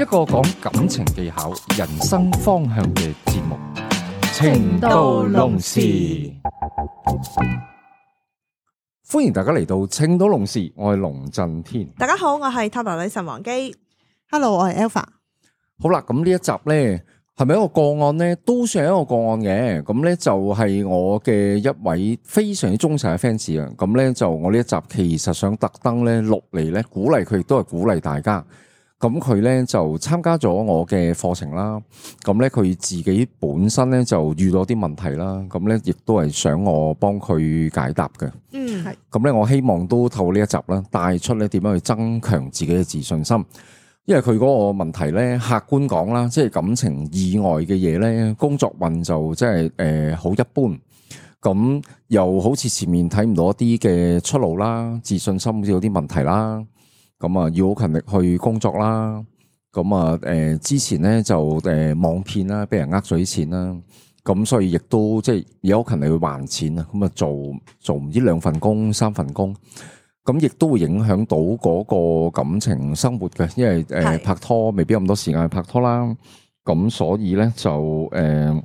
一個講感情技巧、人生方向嘅節目《情到濃時》。歡迎大家嚟到《情到濃時》，我係龍震天。大家好，我係塔羅女神王姬。Hello，我係 Alpha。好啦，咁呢一集呢，係咪一個個案呢？都算係一個個案嘅。咁呢就係我嘅一位非常之忠實嘅 fans 啊。咁呢就我呢一集其實想特登呢落嚟呢鼓勵佢，亦都係鼓勵大家。咁佢咧就參加咗我嘅課程啦，咁咧佢自己本身咧就遇到啲問題啦，咁咧亦都係想我幫佢解答嘅。嗯，係。咁咧我希望都透過呢一集咧，帶出咧點樣去增強自己嘅自信心。因為佢嗰個問題咧，客觀講啦，即係感情意外嘅嘢咧，工作運就即係誒好一般。咁又好似前面睇唔到一啲嘅出路啦，自信心好似有啲問題啦。咁啊，要好勤力去工作啦。咁啊，誒，之前咧就誒網騙啦，俾人呃咗啲錢啦。咁所以亦都即係有好勤力去還錢啊。咁啊，做做唔知兩份工，三份工。咁亦都會影響到嗰個感情生活嘅，因為誒拍拖未必有咁多時間去拍拖啦。咁所以咧就誒、呃，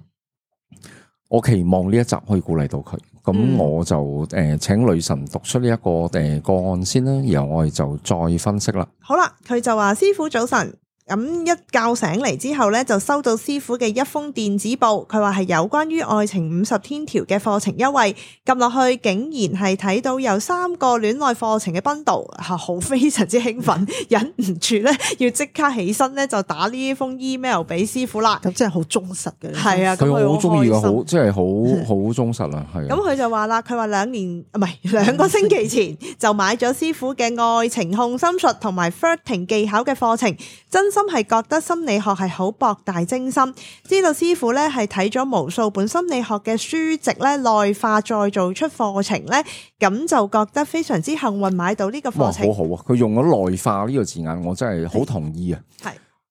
我期望呢一集可以鼓勵到佢。咁我就誒、呃，請女神讀出呢、這、一個誒、呃、個案先啦，然後我哋就再分析啦。好啦，佢就話：師傅早晨。咁一覺醒嚟，之後咧，就收到師傅嘅一封電子報，佢話係有關於愛情五十天條嘅課程優惠。撳落去竟然係睇到有三個戀愛課程嘅賓導吓好、啊、非常之興奮，忍唔住咧，要即刻起身咧，就打呢封 email 俾師傅啦。咁 真係好忠實嘅，係啊，佢好中意嘅，好即係好好忠實啊，係。咁佢就話啦，佢話兩年唔係兩個星期前就買咗師傅嘅愛情控心術同埋 flirting 技巧嘅課程，真。心係覺得心理學係好博大精深，知道師傅咧係睇咗無數本心理學嘅書籍咧內化再做出課程咧，咁就覺得非常之幸運買到呢個課程。好好啊！佢用咗內化呢個字眼，我真係好同意啊！係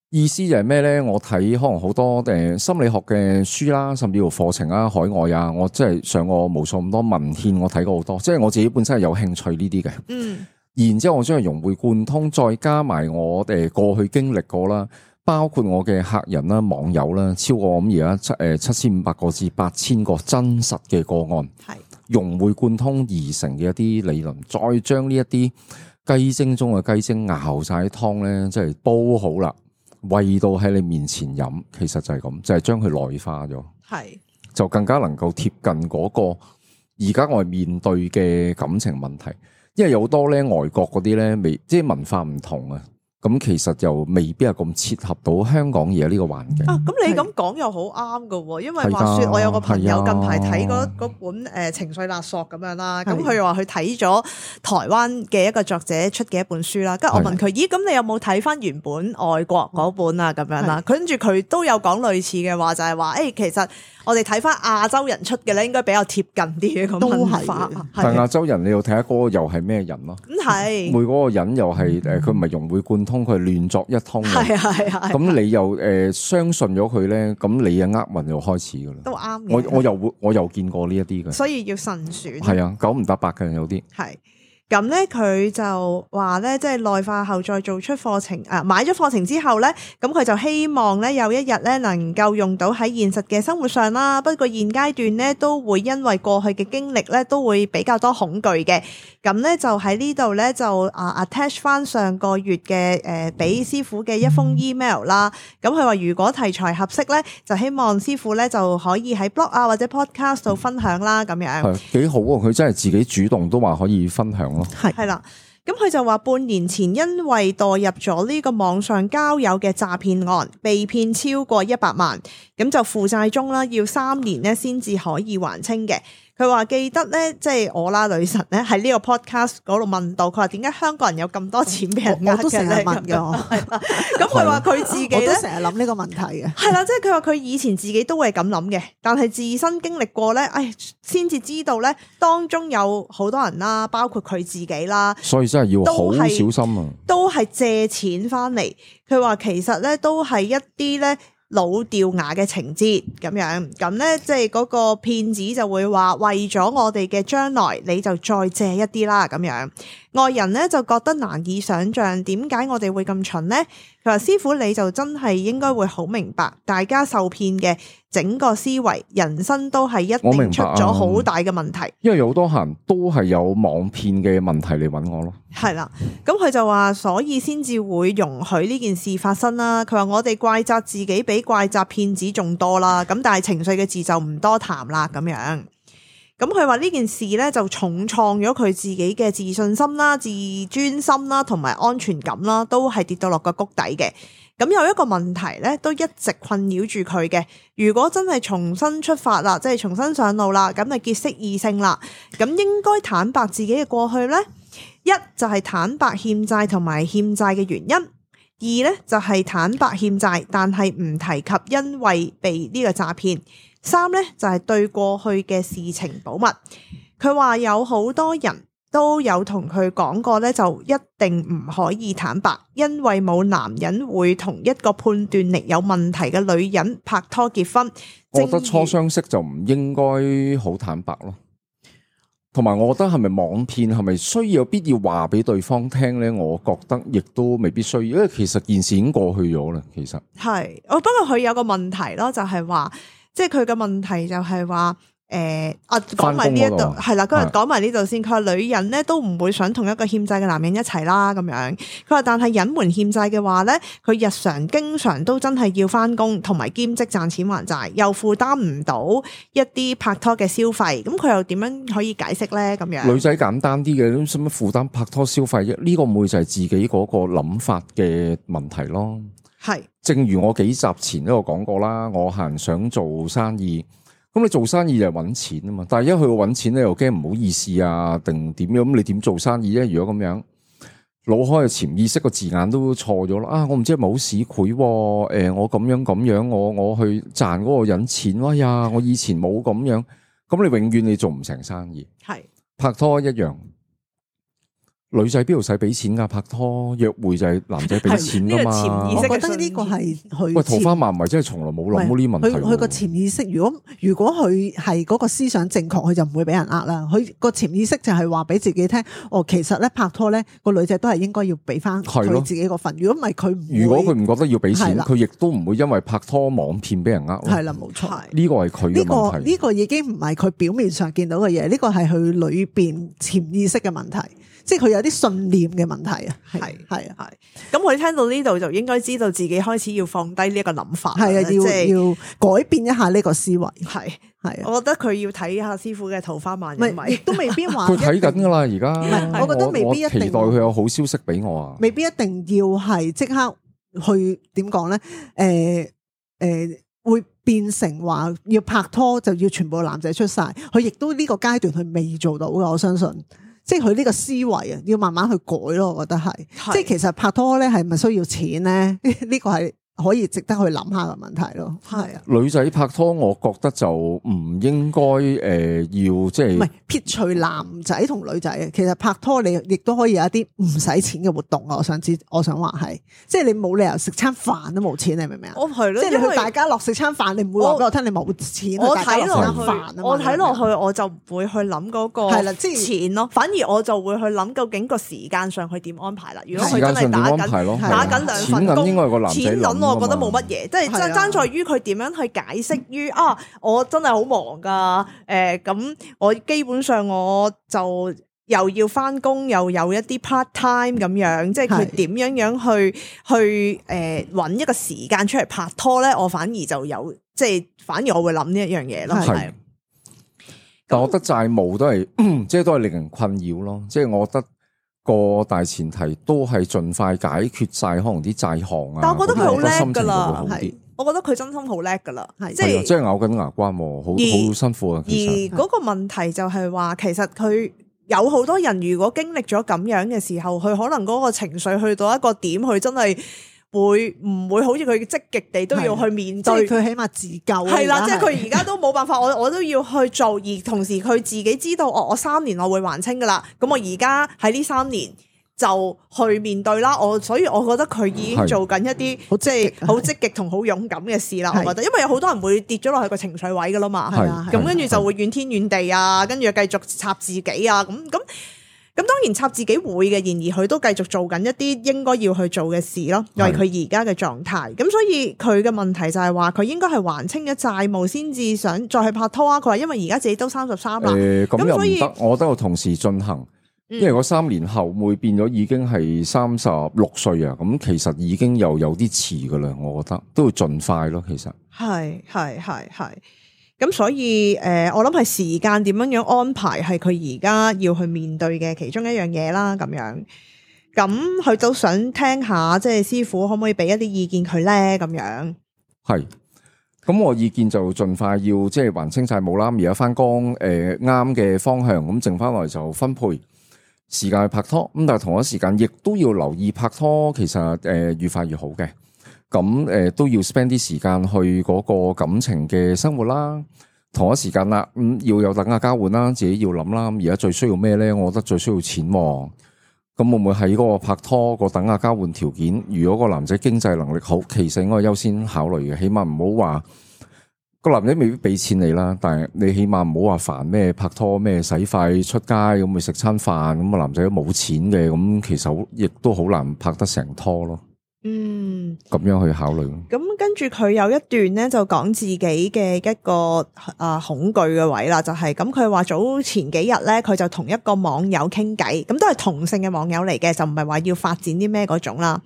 意思就係咩咧？我睇可能好多誒心理學嘅書啦，甚至乎課程啊、海外啊，我真係上過無數咁多文獻，我睇過好多。即係我自己本身係有興趣呢啲嘅。嗯。然之後我將佢融會貫通，再加埋我哋、呃、過去經歷過啦，包括我嘅客人啦、網友啦，超過咁而家七誒、呃、七千五百個至八千個真實嘅個案，係是融會貫通而成嘅一啲理論，再將呢一啲雞精中嘅雞精熬晒啲湯咧，即係煲好啦，餵到喺你面前飲，其實就係咁，就係、是、將佢內化咗，係是就更加能夠貼近嗰、那個而家我哋面對嘅感情問題。因為有好多咧外國嗰啲咧未，即係文化唔同啊，咁其實就未必係咁切合到香港而家呢個環境。啊，咁你咁講又好啱㗎，因為話說我有個朋友近排睇嗰本誒情緒勒索咁樣啦，咁佢又話佢睇咗台灣嘅一個作者出嘅一本書啦，跟住的我問佢，咦咁你有冇睇翻原本外國嗰本啊？咁樣啦，佢跟住佢都有講類似嘅話，就係話誒其實。我哋睇翻亞洲人出嘅咧，應該比較貼近啲嘅文化。但亞洲人你要睇下嗰個又係咩人咯。咁係的每嗰個人又係誒，佢唔係融會貫通，佢係亂作一通嘅。係啊係啊。咁你又誒、呃、相信咗佢咧，咁你嘅厄運又開始噶啦。都啱。我我又會我又見過呢一啲嘅。所以要慎選。係啊，九唔搭八嘅有啲。係。咁咧佢就話咧，即係內化後再做出課程啊。買咗課程之後咧，咁佢就希望咧有一日咧能夠用到喺現實嘅生活上啦。不過現階段咧都會因為過去嘅經歷咧都會比較多恐懼嘅。咁咧就喺呢度咧就啊 attach 翻上個月嘅誒俾師傅嘅一封 email 啦，嗯。咁佢話如果題材合適咧，就希望師傅咧就可以喺 blog 啊或者 podcast 度分享啦。咁、嗯，樣係幾好喎！佢真係自己主動都話可以分享咯。係係啦，咁佢就話半年前因為墮入咗呢個網上交友嘅詐騙案，被騙超過一百萬，咁就負債中啦，要三年咧先至可以還清嘅。佢話記得咧，即係我啦女神咧，喺呢個 podcast 嗰度問到佢話點解香港人有咁多錢俾人我？我都成日問噶。咁佢話佢自己咧，都成日諗呢個問題嘅。係 啦，即係佢話佢以前自己都會係咁諗嘅，但係自身經歷過咧，唉，先至知道咧，當中有好多人啦，包括佢自己啦。所以真係要好小心啊！都係借錢翻嚟。佢話其實咧，都係一啲咧。老掉牙嘅情節咁樣，咁呢，即係嗰個騙子就會話為咗我哋嘅將來，你就再借一啲啦咁樣。外人呢就覺得難以想像點解我哋會咁蠢呢？佢話，師傅你就真係應該會好明白大家受騙嘅。整個思維、人生都係一定出咗好大嘅問題，啊、因為好多人都係有網騙嘅問題嚟搵我咯，係啦，咁佢就話所以先至會容許呢件事發生啦。佢話我哋怪責自己比怪責騙子仲多啦，咁但係情緒嘅字就唔多談啦，咁樣，咁佢話呢件事呢，就重創咗佢自己嘅自信心啦、自尊心啦、同埋安全感啦，都係跌到落個谷底嘅。咁有一個問題咧，都一直困擾住佢嘅。如果真係重新出發啦，即係重新上路啦，咁就結識異性啦，咁應該坦白自己嘅過去呢：一就係坦白欠債同埋欠債嘅原因；二呢就係坦白欠債，但係唔提及因為被呢個詐騙；三呢就係對過去嘅事情保密。佢話有好多人。都有同佢講過咧，就一定唔可以坦白，因為冇男人會同一個判斷力有問題嘅女人拍拖結婚。我覺得初相識就唔應該好坦白咯，同埋我覺得係咪網騙係咪需要必要話俾對方聽呢？我覺得亦都未必需要，因為其實件事已經過去咗啦。其實係，哦，不過佢有個問題咯，就係話，即係佢嘅問題就係話。誒，我講埋呢一度係啦，佢講埋呢度先。佢話女人咧都唔會想同一個欠債嘅男人一齊啦，咁樣。佢話但係隱瞞欠債嘅話咧，佢日常經常都真係要翻工同埋兼職賺錢還債，又負擔唔到一啲拍拖嘅消費，咁佢又點樣可以解釋咧？咁樣女仔簡單啲嘅，點使乜負擔拍拖消費啫？呢個唔會就係自己嗰個諗法嘅問題咯。係，是的 正如我幾集前都有講過啦，我係想做生意。咁你做生意就揾錢啊嘛，但係一去到揾錢咧，又驚唔好意思啊，定點樣？咁你點做生意咧？如果咁樣，腦開潛意識個字眼都錯咗咯。啊，我唔知係冇市儈，誒、欸，我咁樣咁樣，我我去賺嗰個人錢，哎呀，我以前冇咁樣，咁你永遠你做唔成生意。係是拍拖一樣。女仔邊度使俾錢噶，拍拖約會就係男仔俾錢噶嘛？ 潛意識我覺得呢個係佢。喂，桃花麻咪真係從來冇諗過呢啲問題。佢佢個潛意識，如果如果佢係嗰個思想正確，佢就唔會俾人呃啦。佢個潛意識就係話俾自己聽，哦，其實咧拍拖咧，個女仔都係應該要俾翻佢自己個份。的如果唔係佢，如果佢唔覺得要俾錢，佢亦都唔會因為拍拖網騙俾人呃。係啦，冇錯。呢個係佢呢個呢，呢個已經唔係佢表面上見到嘅嘢，呢、呢個係佢裏邊潛意識嘅問題。即係佢有啲信念嘅問題啊，係係係，咁佢聽到呢度就應該知道自己開始要放低呢一個諗法，係啊，要要改變一下呢個思維，係係，我覺得佢要睇下師傅嘅桃花漫唔係，都未必話佢睇緊噶啦，而家，唔係，我覺得未必一定期待佢有好消息俾我啊，未必一定要係即刻去點講咧，誒誒，會變成話要拍拖就要全部男仔出晒，佢亦都呢個階段佢未做到噶，我相信。即係佢呢個思維啊，要慢慢去改咯。我覺得係，即係其實拍拖咧，係咪需要錢咧？呢個係。可以值得去諗下嘅問題咯，係啊。女仔拍拖，我覺得就唔應該誒、呃、要即係，唔、就、係、是、撇除男仔同女仔，其實拍拖你亦都可以有一啲唔使錢嘅活動啊。我想知，我想話係，即係你冇理由食餐飯都冇錢，你明唔明啊？我係咯，即係你去大家樂食餐飯，你唔會話俾我聽我你冇錢。我睇落去，啊、我睇落去我就會去諗嗰個係啦，錢咯、啊。就是、反而我就會去諗究竟個時間上去點安排啦。如果佢真係打緊，打緊兩份工，錢應該個男我覺得冇乜嘢，即係爭爭在於佢點樣去解釋於啊，我真係好忙噶，誒、呃，咁我基本上我就又要返工，又有一啲 part time 咁樣，即係佢點樣樣去去誒，揾、呃、一個時間出嚟拍拖咧，我反而就有，即係反而我會諗呢一樣嘢咯，係。但我覺得債務都係，即係那 都係令人困擾咯，即、就、係、是、我覺得。個大前提都係盡快解決晒可能啲債項啊，但我覺得佢好叻噶啦，咁樣個心情就會好啲。我覺得佢真心好叻噶啦，即係咬緊牙關，好好而辛苦啊。而嗰個問題就係話，其實佢有好多人如果經歷咗咁樣嘅時候，佢可能嗰個情緒去到一個點，佢真係。會唔會好似佢積極地都要去面對？佢起碼自救。係啦，即係佢而家都冇辦法，我我都要去做，而同時佢自己知道，我我三年我會還清噶啦。咁我而家喺呢三年就去面對啦。我所以我覺得佢已經做緊一啲即係好積極同好勇敢嘅事啦。的我覺得，因為有好多人會跌咗落去個情緒位噶啦嘛，係啊，咁跟住就會怨天怨地啊，跟住繼續插自己啊，咁咁。咁當然插自己會嘅，然而佢都繼續做緊一啲應該要去做嘅事咯，又係佢而家嘅狀態。咁的所以佢嘅問題就係話佢應該係還清咗債務先至想再去拍拖啊！佢話因為而家自己都三十三啦，咁又唔得，我都有同時進行，因為我三年後會變咗已經係三十六歲啊，咁、嗯、其實已經又有啲遲噶啦，我覺得都要盡快咯，其實係係係係。咁所以，誒、呃，我諗係時間點樣樣安排，係佢而家要去面對嘅其中一樣嘢啦。咁樣，咁佢都想聽下，即係師傅可唔可以俾一啲意見佢咧？咁樣，係，咁我意見就盡快要即係還清晒冇啦，而家翻工，誒啱嘅方向，咁剩翻落嚟就分配時間去拍拖。咁但係同一時間，亦都要留意拍拖，其實誒越快越好嘅。咁誒都要 spend 啲時間去嗰個感情嘅生活啦，同一時間啦，咁、嗯、要有等價交換啦，自己要諗啦。而家最需要咩咧？我覺得最需要錢喎、喔。咁會唔會喺嗰個拍拖個等價交換條件？如果個男仔經濟能力好，其實應該優先考慮嘅，起碼唔好話個男仔未必俾錢你啦。但係你起碼唔好話煩咩拍拖咩，使費出街咁去食餐飯。咁、那、啊、個、男仔都冇錢嘅咁，其實亦都好難拍得成拖咯。嗯，咁樣去考慮咯。咁、嗯、跟住佢有一段咧，就講自己嘅一個啊恐懼嘅位啦，就係、是、咁。佢話早前幾日咧，佢就同一個網友傾偈，咁都係同性嘅網友嚟嘅，就唔係話要發展啲咩嗰種啦。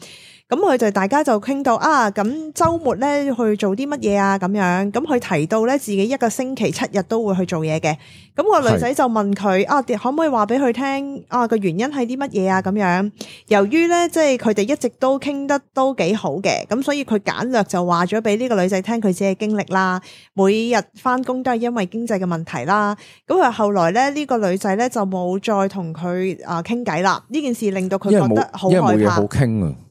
咁佢就大家就傾到啊，咁周末咧去做啲乜嘢啊？咁樣。咁佢提到咧自己一個星期七日都會去做嘢嘅。咁個女仔就問佢啊，可唔可以話俾佢聽啊個原因係啲乜嘢啊？咁樣，由於咧即係佢哋一直都傾得都幾好嘅，咁所以佢簡略就話咗俾呢個女仔聽佢自己嘅經歷啦。每日翻工都係因為經濟嘅問題啦。咁佢後來咧呢個女仔咧就冇再同佢啊傾偈啦。呢件事令到佢覺得好害怕。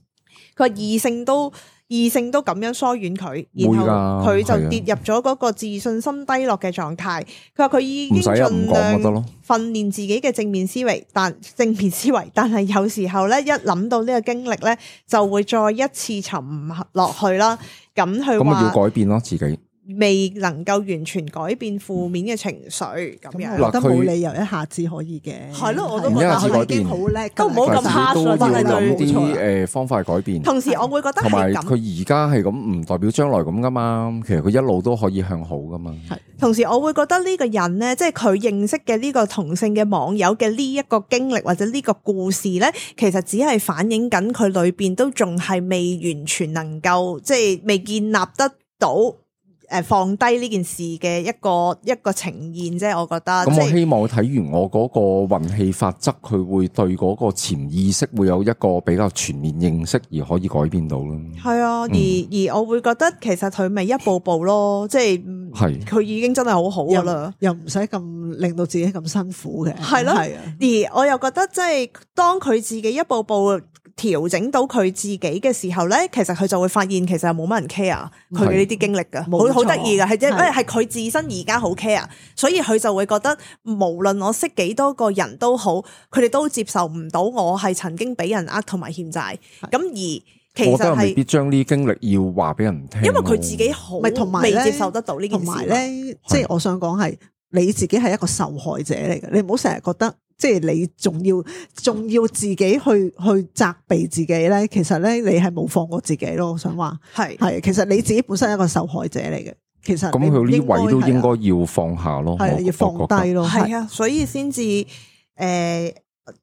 佢話異性都異性都咁樣疏遠佢，然後佢就跌入咗嗰個自信心低落嘅狀態。佢話佢已經盡量訓練自己嘅正面思維，但正面思維，但係有時候咧，一諗到呢個經歷咧，就會再一次沉唔落去啦。咁佢咁咪要改變咯自己。未能夠完全改變負面嘅情緒咁、嗯、樣，我、嗯、覺得冇理由一下子可以嘅、嗯。係咯，我都覺得佢已經好叻，都唔好咁下水翻嚟啦。冇錯。誒，方法係改變。改變同時，我會覺得同埋佢而家係咁，唔代表將來咁㗎嘛。其實佢一路都可以向好㗎嘛。係。同時，我會覺得呢個人咧，即係佢認識嘅呢個同性嘅網友嘅呢一個經歷或者呢個故事咧，其實只係反映緊佢裏邊都仲係未完全能夠，即係未建立得到。誒，放低呢件事嘅一個一個呈現啫，我覺得。咁我希望睇完我嗰個運氣法則，佢會對嗰個潛意識會有一個比較全面認識，而可以改變到咯。係啊，而、嗯、而我會覺得其實佢咪一步步咯，即係，係佢、啊、已經真係好好噶啦，又唔使咁令到自己咁辛苦嘅，係咯。係啊。而我又覺得即係當佢自己一步步。調整到佢自己嘅時候咧，其實佢就會發現其實冇乜人 care 佢嘅呢啲經歷噶，好好得意噶，係即係係佢自身而家好 care，所以佢就會覺得無論我識幾多個人都好，佢哋都接受唔到我係曾經俾人呃同埋欠債，咁是而其實係未必將呢啲經歷要話俾人聽，因為佢自己好同埋咧未接受得到呢件事咧，即係我想講係你自己係一個受害者嚟嘅，你唔好成日覺得。即係你仲要仲要自己去去責備自己咧，其實咧你係冇放過自己咯。我想話係係，的其實你自己本身係一個受害者嚟嘅。其實咁佢呢位都應該要放下咯，係的我要放低咯，係啊的，所以先至誒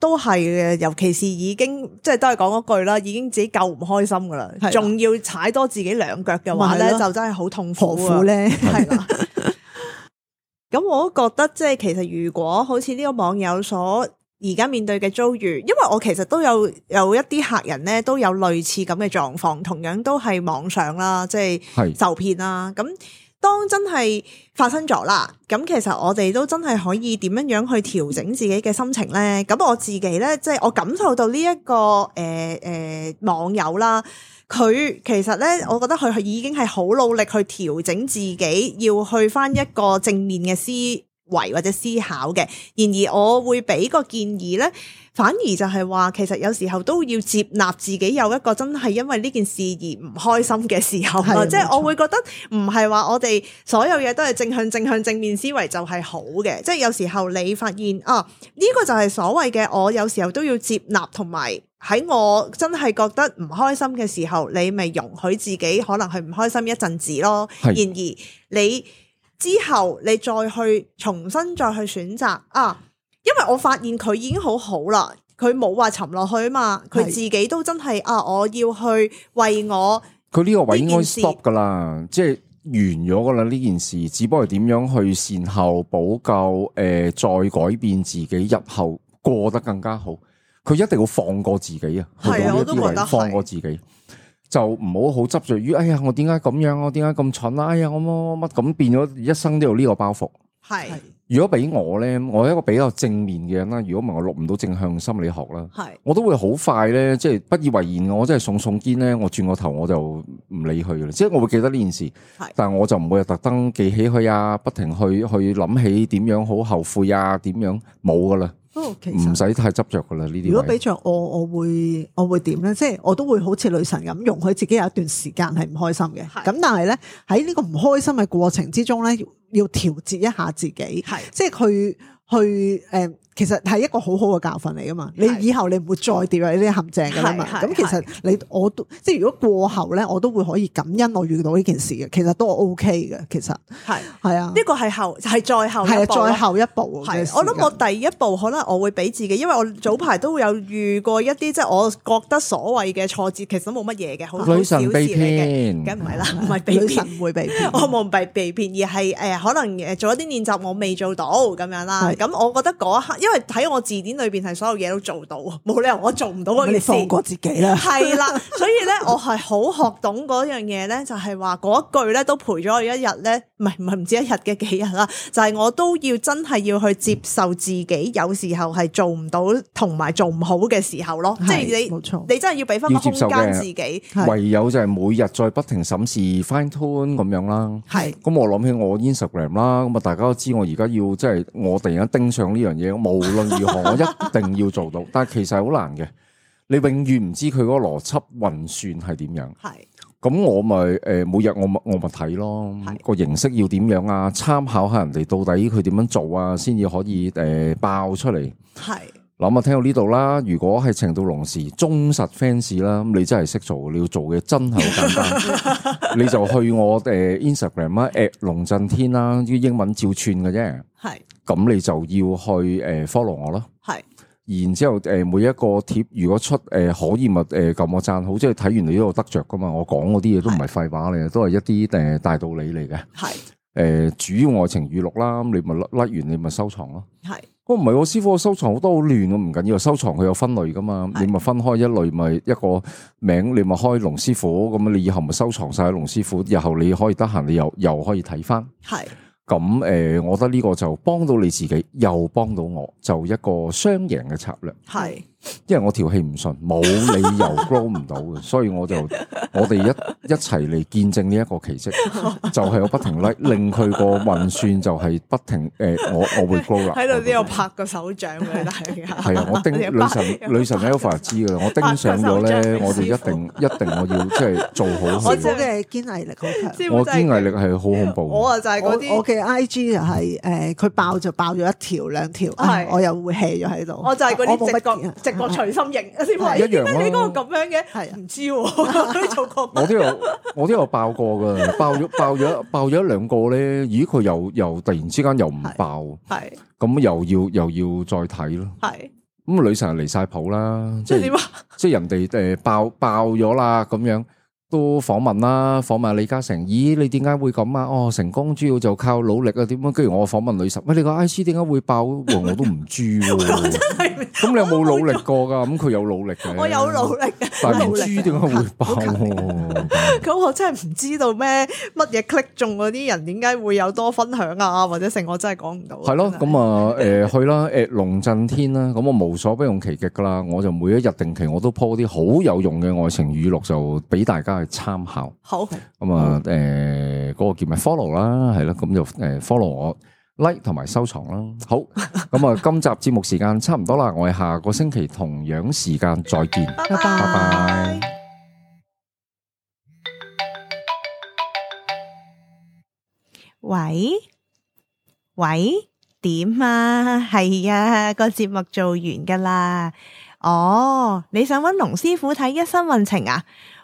都係嘅。尤其是已經即係都係講嗰句啦，已經自己夠唔開心噶啦，仲的要踩多自己兩腳嘅話咧，就真係好痛苦咧。係啦的。 咁我都覺得，即係其實如果好似呢個網友所而家面對嘅遭遇，因為我其實都有有一啲客人咧都有類似咁嘅狀況，同樣都係網上啦，即係受騙啦。咁是 當真係發生咗啦，咁其實我哋都真係可以點樣樣去調整自己嘅心情呢？咁我自己呢，即係我感受到呢、這、一個誒誒、呃呃、網友啦。佢其實咧，我覺得佢係已經係好努力去調整自己，要去翻一個正面嘅詩。維或者思考嘅。然而我會俾個建議咧，反而就係話，其實有時候都要接納自己有一個真係因為呢件事而唔開心嘅時候。即係我會覺得唔係話我哋所有嘢都係正向正向正面思維就係好嘅，即係有時候你發現啊，呢個就係所謂嘅，我有時候都要接納同埋喺我真係覺得唔開心嘅時候，你咪容許自己可能係唔開心一陣子咯。是 然而你。之後你再去重新再去選擇啊，因為我發現佢已經好好啦，佢冇話沉落去啊嘛，佢自己都真係啊，我要去為我。佢呢個位應該 stop 噶啦，即係完咗噶啦呢件事，只不過點樣去善後補救，誒、呃，再改變自己日後過得更加好，佢一定要放過自己啊，係啊，我都覺得放過自己。就唔好好執着於，哎呀，我點解咁樣？我點解咁蠢？哎呀，我乜乜咁變咗一生都有呢個包袱。係是，如果俾我咧，我一個比較正面嘅人啦，如果唔係我錄唔到正向心理學啦，係是，我都會好快咧，即係不以為然，我真係聳聳肩咧，我轉個頭我就唔理佢啦。即係我會記得呢件事，是但係我就唔會特登記起佢啊，不停去去諗起點樣好後悔啊，點樣冇噶啦。唔使太執着噶啦，呢啲如果俾着我，我會我會點咧？即係我都會好似女神咁容許自己有一段時間係唔開心嘅。咁是的 但係咧，喺呢個唔開心嘅過程之中咧，要調節一下自己，是的 即係佢去誒。去呃其實係一個好好嘅教訓嚟噶嘛，你以後你唔會再跌入呢啲陷阱噶啦嘛。咁是其實你我都即係如果過後咧，我都會可以感恩我遇到呢件事嘅，其實都係 O K 嘅。其實係係是啊，呢個係後係再後係啊，再後一步。我諗我第一步可能我會俾自己，因為我早排都會有遇過一啲即係我覺得所謂嘅挫折，其實都冇乜嘢嘅，好好小，小事嚟嘅。梗唔係啦，唔係被唔會被騙， 我冇被被騙，而係誒、呃、可能做一啲練習我未做到咁樣啦。咁的的我覺得嗰一刻。因為喺我字典裏邊係所有嘢,都做到，冇理由我做唔到嗰件事。你放過自己啦，係啦，所以咧我係好學懂嗰樣嘢咧，就係話嗰句咧都陪咗我一日咧，唔係唔係唔止一日嘅幾日啦，就係我都要真係要去接受自己，有時候係做唔到同埋做唔好嘅時候咯，即係你，冇錯，你真係要俾翻個空間自己。唯有就係每日再不停審視 Fine Tune 咁樣啦，係。咁我諗起我 Instagram 啦，咁啊，大家都知我而家要即係我突然間盯上呢樣嘢咁。 無論如何，我一定要做到，但係其實好難嘅。你永遠唔知佢嗰個邏輯運算係點樣。係是，咁我咪誒、呃，每日我咪我咪睇咯，是個形式要點樣啊？參考下人哋到底佢點樣做啊，先至可以誒、呃、爆出嚟。係。諗啊，聽到呢度啦。如果係程度龍氏忠實 fans 啦，咁你真係識做。你要做嘅真係好簡單， 你就去我誒 Instagram 啊，at 龍 震天啦，啲英文照串嘅啫。係是，咁你就要去誒 follow 我咯。係是，然之後誒每一個貼，如果出誒可以咪誒撳我讚好，即係睇完你呢度得着噶嘛。我講嗰啲嘢都唔係廢話嚟，是都係一啲誒大道理嚟嘅。係是，誒、呃、主要愛情語錄啦，咁你咪甩甩完，你咪、like, 收藏咯。係是。是我唔係，我師傅我收藏好多好亂，咁唔緊要，收藏佢有分類㗎嘛，是你咪分開一類，咪、就是、一個名，你咪開龍師傅，咁你以後咪收藏晒龍師傅，日後你可以得閒，你又又可以睇翻。係是，咁誒、呃，我覺得呢個就幫到你自己，又幫到我，就一個雙贏嘅策略。係。因為我條氣唔順，冇理由 grow 唔到嘅，所以我就我哋一一齊嚟見證呢一個奇迹，就係我不停 like，令佢個運算就係不停誒，我我會 grow 啦。喺度呢度拍個手掌俾大家。係啊，我盯女神女神 Alpha 知啦，我盯上咗咧，我哋一定一定我要即係做好佢。我嘅堅毅力好強，我堅毅力係好恐怖。我啊就係嗰啲，我嘅 IG 就係誒，佢爆就爆咗一條兩條，我又會 hea 咗喺度。我就係嗰啲，我冇乜覺。我隨心型，你嗰個咁樣嘅唔知喎，你做過？我都有，我都有爆過嘅，爆咗、爆咗、爆咗兩個咧。咦？佢又又突然之間又唔爆，係咁又要又要再睇咯。係咁女神離曬譜啦，即係點啊？即係人哋誒爆爆咗啦，咁樣。都訪問啦，訪問李嘉誠，咦，你點解會咁啊？哦，成功主要就靠努力啊，點樣？跟住我訪問女神，喂、哎、你個 I C 點解會爆喎、哦？我都唔知喎、啊。咁 你有冇努力過㗎？咁佢有，有努力嘅。我有努力嘅，但係唔知點解會爆喎、啊。咁 我真係唔知道咩乜嘢 click 中嗰啲人點解會有多分享啊，或者成我真係講唔到。係咯，咁啊誒、啊呃、去啦誒、呃、龍震天啦、啊，咁我無所不用其極㗎啦，我就每一日定期我都鋪啲好有用嘅愛情語錄就俾大家。參考好，咁啊！誒、嗯，嗰、呃嗰個叫咪 follow 啦，係啦，咁就誒 follow 我 like 同埋收藏啦。好，咁啊，今集節目時間差唔多啦， 我哋下個星期同樣時間再見，拜拜。喂拜喂，點啊？係啊，個節目做完噶啦。哦，你想揾龍師傅睇一生運程啊？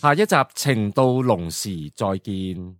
下一集情到濃時再見。